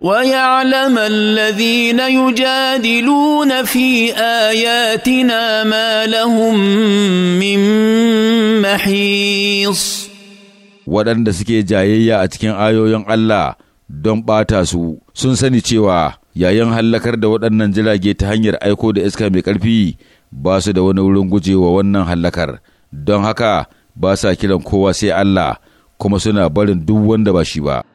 ويعلم الذين يجادلون في اياتنا ما لهم من محيص waɗanda suke jayayya a cikin ayoyin Allah don ɓata su sun sani cewa yayin hallakar da waɗannan jirage ta hanyar aiko da iska mai ƙarfi ba su da wani wurin gujewa wannan hallakar don haka ba sa kiran kowa sai Allah kuma suna barin duk wanda ba shi ba.